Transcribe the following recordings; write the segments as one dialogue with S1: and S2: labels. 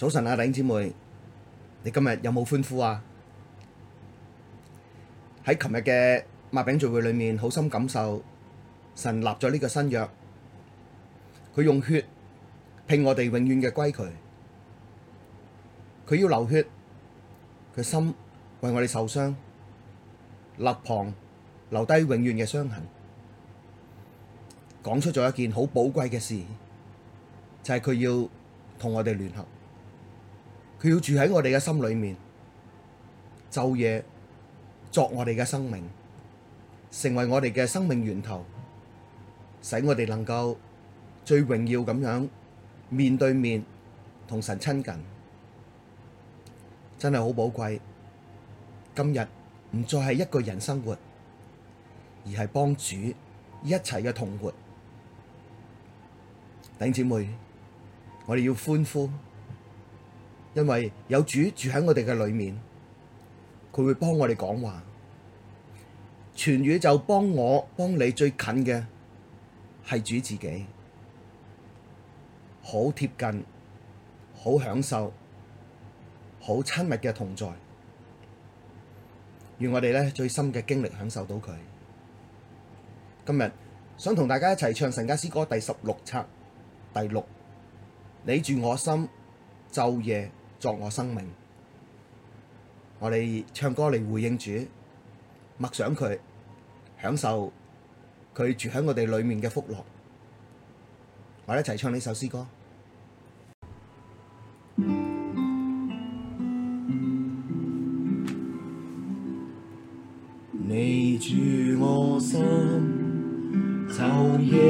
S1: 早晨啊，弟兄姊妹，你今日有冇歡呼啊？喺琴日嘅麥餅聚會裏面，好深感受神立咗呢個新約，佢用血聘我哋永遠嘅歸佢，佢要流血，佢心為我哋受傷，肋旁留低永遠嘅傷痕，講出咗一件好寶貴嘅事，就係、是、佢要同我哋聯合。佢要住喺我哋嘅心裏面，晝夜作我哋嘅生命，成為我哋嘅生命源頭，使我哋能夠最榮耀咁樣面對面同神親近，真係好寶貴。今日唔再係一個人生活，而係幫主一齊嘅同活。丁姊妹，我哋要歡呼。因為有主住喺我哋嘅裏面，佢會幫我哋講話，全宇宙幫我幫你最近嘅係主自己，好貼近，好享受，好親密嘅同在，願我哋咧最深嘅經歷享受到佢。今日想同大家一齊唱《神家詩歌》第十六冊第六，你住我心，晝夜。作我生命，我哋唱歌嚟回應主，默想佢，享受佢住喺我哋裏面嘅福樂，我哋一齊唱呢首詩歌。
S2: 你住我心，就應。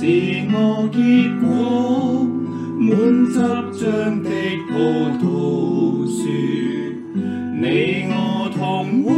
S2: 使我結果滿汁漿的葡萄樹，你我同活。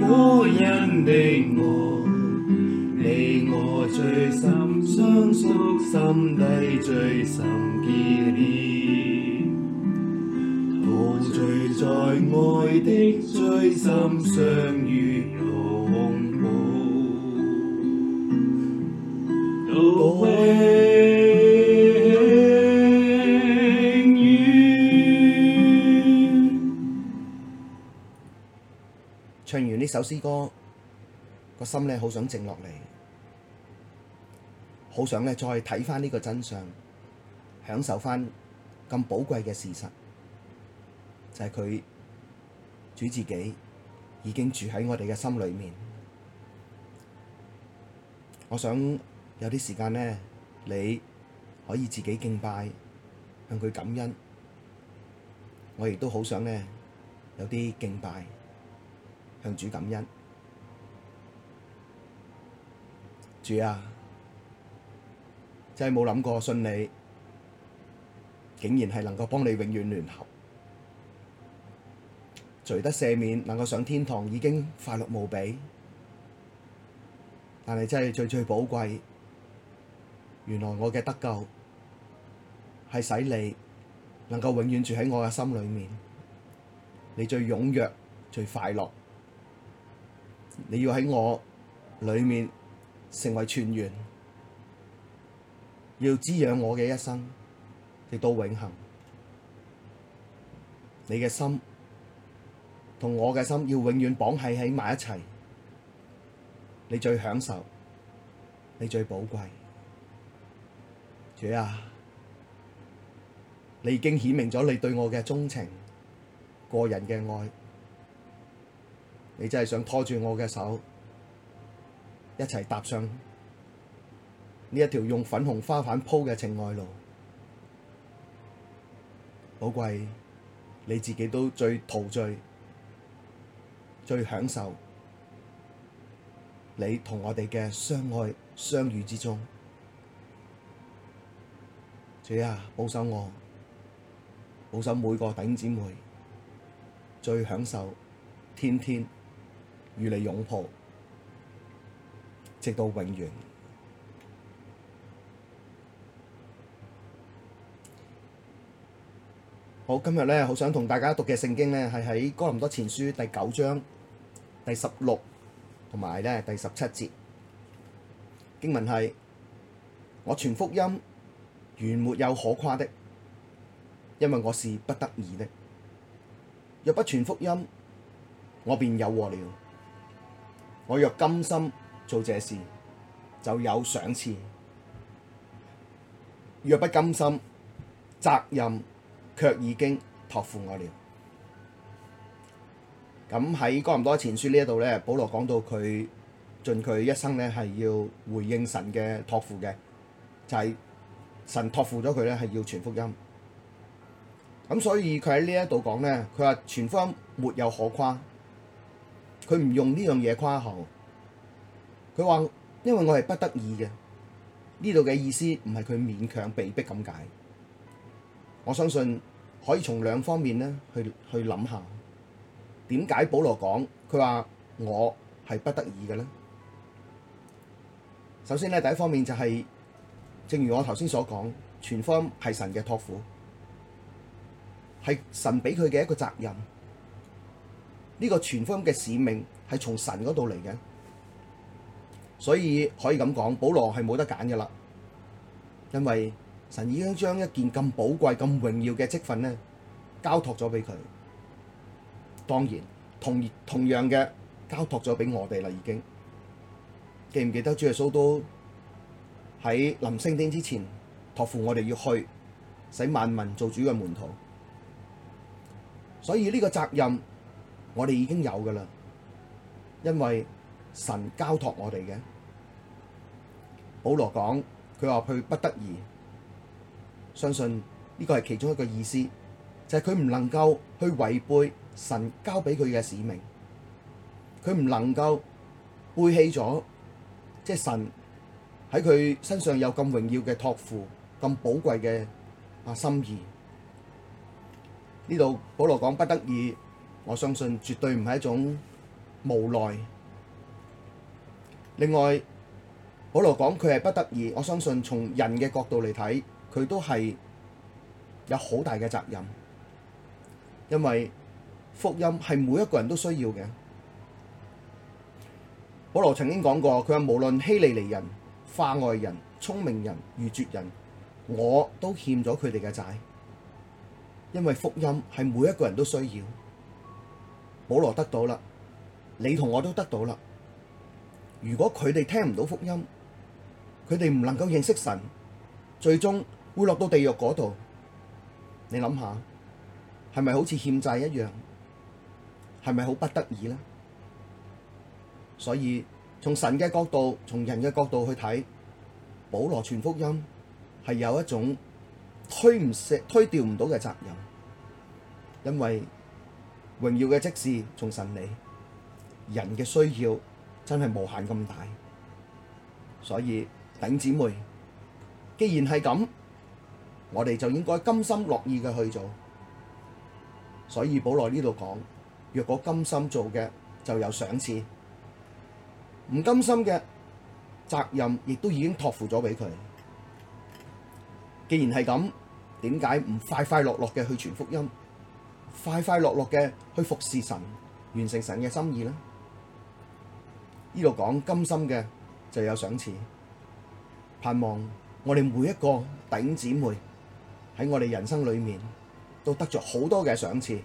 S2: 個人的愛，你我最深相屬，心底最深結連，陶醉在愛的最深相遇。
S1: 唱完呢首詩歌，個心咧好想靜落嚟，好想咧再睇翻呢個真相，享受翻咁寶貴嘅事實，就係佢主自己已經住喺我哋嘅心裏面。我想有啲時間咧，你可以自己敬拜，向佢感恩。我亦都好想咧有啲敬拜。向主感恩，主啊，真係冇諗過信你，竟然係能夠幫你永遠聯合，除得赦免能夠上天堂已經快樂無比，但係真係最最寶貴，原來我嘅得救係使你能夠永遠住喺我嘅心裏面，你最踴躍最快樂。你要喺我裏面成為全完，要滋養我嘅一生，直到永恆。你嘅心同我嘅心要永遠綁喺喺埋一齊。你最享受，你最寶貴。主啊，你已經顯明咗你對我嘅鍾情，個人嘅愛。你真係想拖住我嘅手，一齊踏上呢一條用粉紅花瓣鋪嘅情愛路，寶貴你自己都最陶醉、最享受你同我哋嘅相愛相遇之中。主啊，保守我，保守每個弟兄姊妹，最享受天天。與你擁抱，直到永遠。好，今日咧，好想同大家讀嘅聖經咧，係喺哥林多前書第九章第十六同埋咧第十七節。經文係：我傳福音原沒有可誇的，因為我是不得已的。若不傳福音，我便有禍了。我若甘心做這事，就有賞賜；若不甘心，責任卻已經託付我了。咁喺《哥林多前書》呢一度咧，保羅講到佢盡佢一生咧係要回應神嘅託付嘅，就係、是、神託付咗佢咧係要傳福音。咁所以佢喺呢一度講咧，佢話傳福音沒有可誇。佢唔用呢樣嘢誇口，佢話因為我係不得已嘅，呢度嘅意思唔係佢勉強被逼咁解。我相信可以從兩方面呢去去諗下，點解保羅講佢話我係不得已嘅呢？首先呢，第一方面就係、是，正如我頭先所講，傳福音係神嘅託付，係神俾佢嘅一個責任。呢個全福音嘅使命係從神嗰度嚟嘅，所以可以咁講，保羅係冇得揀嘅啦，因為神已經將一件咁寶貴、咁榮耀嘅職份咧，交託咗俾佢。當然，同同樣嘅交託咗俾我哋啦，已經記唔記得主耶穌都喺臨升天之前託付我哋要去使萬民做主嘅門徒，所以呢個責任。我哋已經有噶啦，因為神交託我哋嘅。保羅講，佢話佢不得已，相信呢個係其中一個意思，就係佢唔能夠去違背神交俾佢嘅使命，佢唔能夠背棄咗，即係神喺佢身上有咁榮耀嘅託付，咁寶貴嘅啊心意。呢度保羅講不得已。我相信絕對唔係一種無奈。另外，保羅講佢係不得已，我相信從人嘅角度嚟睇，佢都係有好大嘅責任，因為福音係每一個人都需要嘅。保羅曾經講過，佢話無論希利尼人、化外人、聰明人、愚拙人，我都欠咗佢哋嘅債，因為福音係每一個人都需要。保羅得到啦，你同我都得到啦。如果佢哋聽唔到福音，佢哋唔能夠認識神，最終會落到地獄嗰度。你諗下，係咪好似欠債一樣？係咪好不得已呢？所以從神嘅角度，從人嘅角度去睇，保羅傳福音係有一種推唔掉、推掉唔到嘅責任，因為，榮耀嘅職事從神嚟，人嘅需要真係無限咁大，所以頂姊妹，既然係咁，我哋就應該甘心樂意嘅去做。所以保羅呢度講，若果甘心做嘅就有賞賜，唔甘心嘅責任亦都已經託付咗俾佢。既然係咁，點解唔快快樂樂嘅去傳福音？快快樂樂嘅去服侍神，完成神嘅心意啦！呢度講甘心嘅就有賞賜，盼望我哋每一個頂姊妹喺我哋人生裏面都得咗好多嘅賞賜，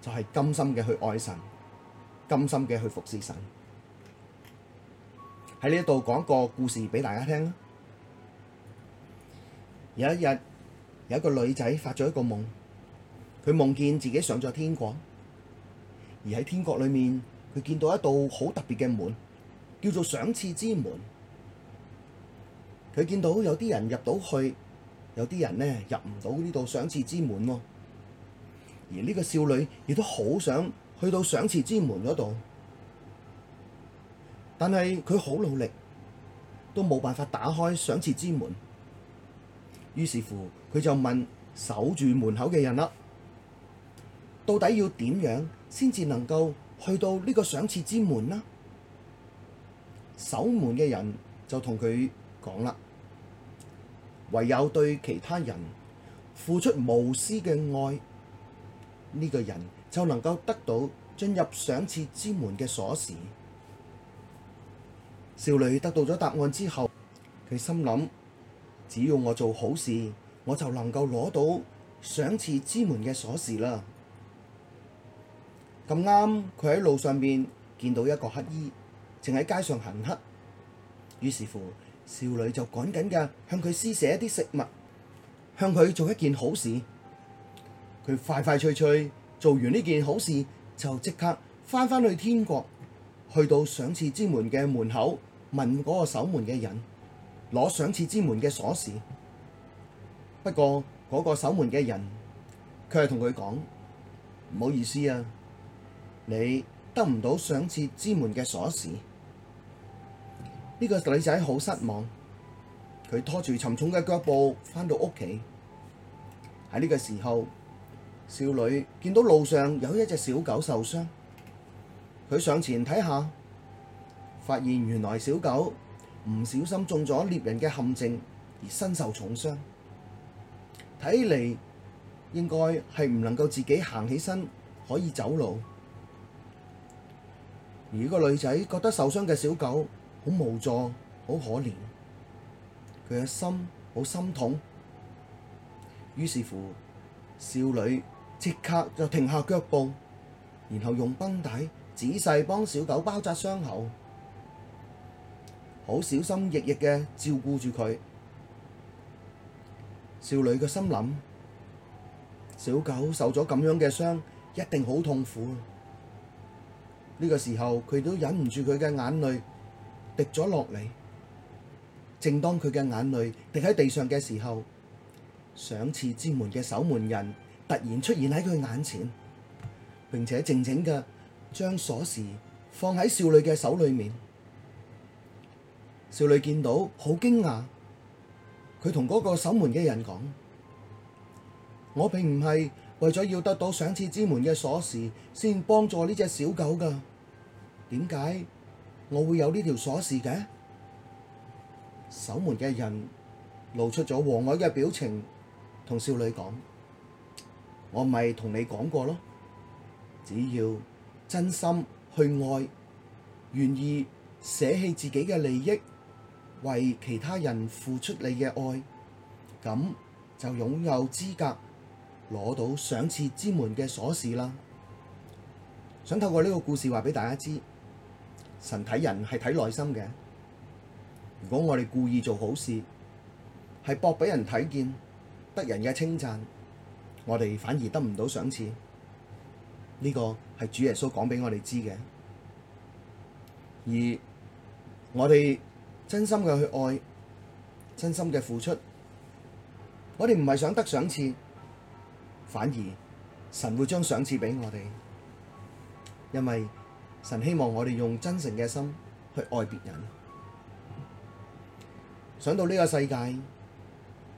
S1: 就係甘心嘅去愛神，甘心嘅去服侍神。喺呢度講個故事俾大家聽啦！有一日，有一個女仔發咗一個夢。佢夢見自己上咗天國，而喺天國裏面，佢見到一道好特別嘅門，叫做賞賜之門。佢見到有啲人入到去，有啲人呢入唔到呢道賞賜之門喎。而呢個少女亦都好想去到賞賜之門嗰度，但係佢好努力都冇辦法打開賞賜之門。於是乎，佢就問守住門口嘅人啦。到底要點樣先至能夠去到呢個賞賜之門呢？守門嘅人就同佢講啦，唯有對其他人付出無私嘅愛，呢個人就能夠得到進入賞賜之門嘅鎖匙。少女得到咗答案之後，佢心諗：只要我做好事，我就能夠攞到賞賜之門嘅鎖匙啦。咁啱，佢喺路上面見到一個乞衣，正喺街上行乞。於是乎，少女就趕緊嘅向佢施捨一啲食物，向佢做一件好事。佢快快脆脆做完呢件好事，就即刻翻返去天國，去到賞賜之門嘅門口，問嗰個守門嘅人攞賞賜之門嘅鎖匙。不過嗰個守門嘅人佢係同佢講，唔好意思啊。你得唔到上次之門嘅鎖匙？呢、這個女仔好失望，佢拖住沉重嘅腳步返到屋企。喺呢個時候，少女見到路上有一隻小狗受傷，佢上前睇下，發現原來小狗唔小心中咗獵人嘅陷阱而身受重傷，睇嚟應該係唔能夠自己行起身可以走路。而個女仔覺得受傷嘅小狗好無助、好可憐，佢嘅心好心痛。於是乎，少女即刻就停下腳步，然後用繃帶仔細幫小狗包紮傷口，好小心翼翼嘅照顧住佢。少女嘅心諗：小狗受咗咁樣嘅傷，一定好痛苦。呢個時候，佢都忍唔住，佢嘅眼淚滴咗落嚟。正當佢嘅眼淚滴喺地上嘅時候，賞賜之門嘅守門人突然出現喺佢眼前，並且靜靜嘅將鎖匙放喺少女嘅手裏面。少女見到好驚訝，佢同嗰個守門嘅人講：「我並唔係為咗要得到賞賜之門嘅鎖匙先幫助呢隻小狗噶。」點解我會有條呢條鎖匙嘅？守門嘅人露出咗和藹嘅表情，同少女講：我咪同你講過咯，只要真心去愛，願意捨棄自己嘅利益，為其他人付出你嘅愛，咁就擁有資格攞到賞賜之門嘅鎖匙啦。想透過呢個故事話俾大家知。神睇人係睇內心嘅，如果我哋故意做好事，係博俾人睇見，得人嘅稱讚，我哋反而得唔到賞賜。呢、這個係主耶穌講俾我哋知嘅，而我哋真心嘅去愛，真心嘅付出，我哋唔係想得賞賜，反而神會將賞賜俾我哋，因為。神希望我哋用真誠嘅心去愛別人。想到呢個世界，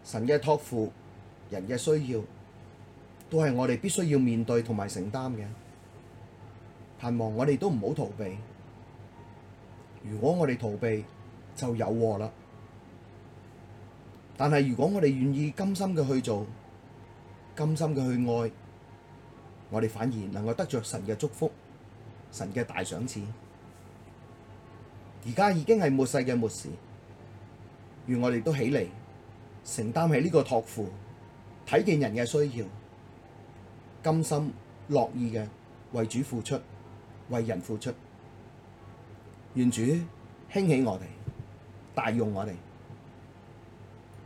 S1: 神嘅託付，人嘅需要，都係我哋必須要面對同埋承擔嘅。盼望我哋都唔好逃避。如果我哋逃避，就有禍啦。但係如果我哋願意甘心嘅去做，甘心嘅去愛，我哋反而能夠得著神嘅祝福。神嘅大賞賜，而家已經係末世嘅末時，願我哋都起嚟，承擔起呢個託付，睇見人嘅需要，甘心樂意嘅為主付出，為人付出，願主興起我哋，大用我哋。